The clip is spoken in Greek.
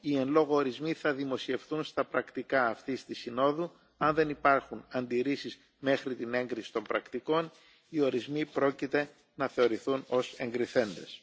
οι εν λόγω ορισμοί θα δημοσιευθούν στα πρακτικά αυτής τη συνόδου. Αν δεν υπάρχουν αντιρρήσει μέχρι την έγκριση των πρακτικών, οι ορισμοί πρόκειται να θεωρηθούν ως εγκριθέντες.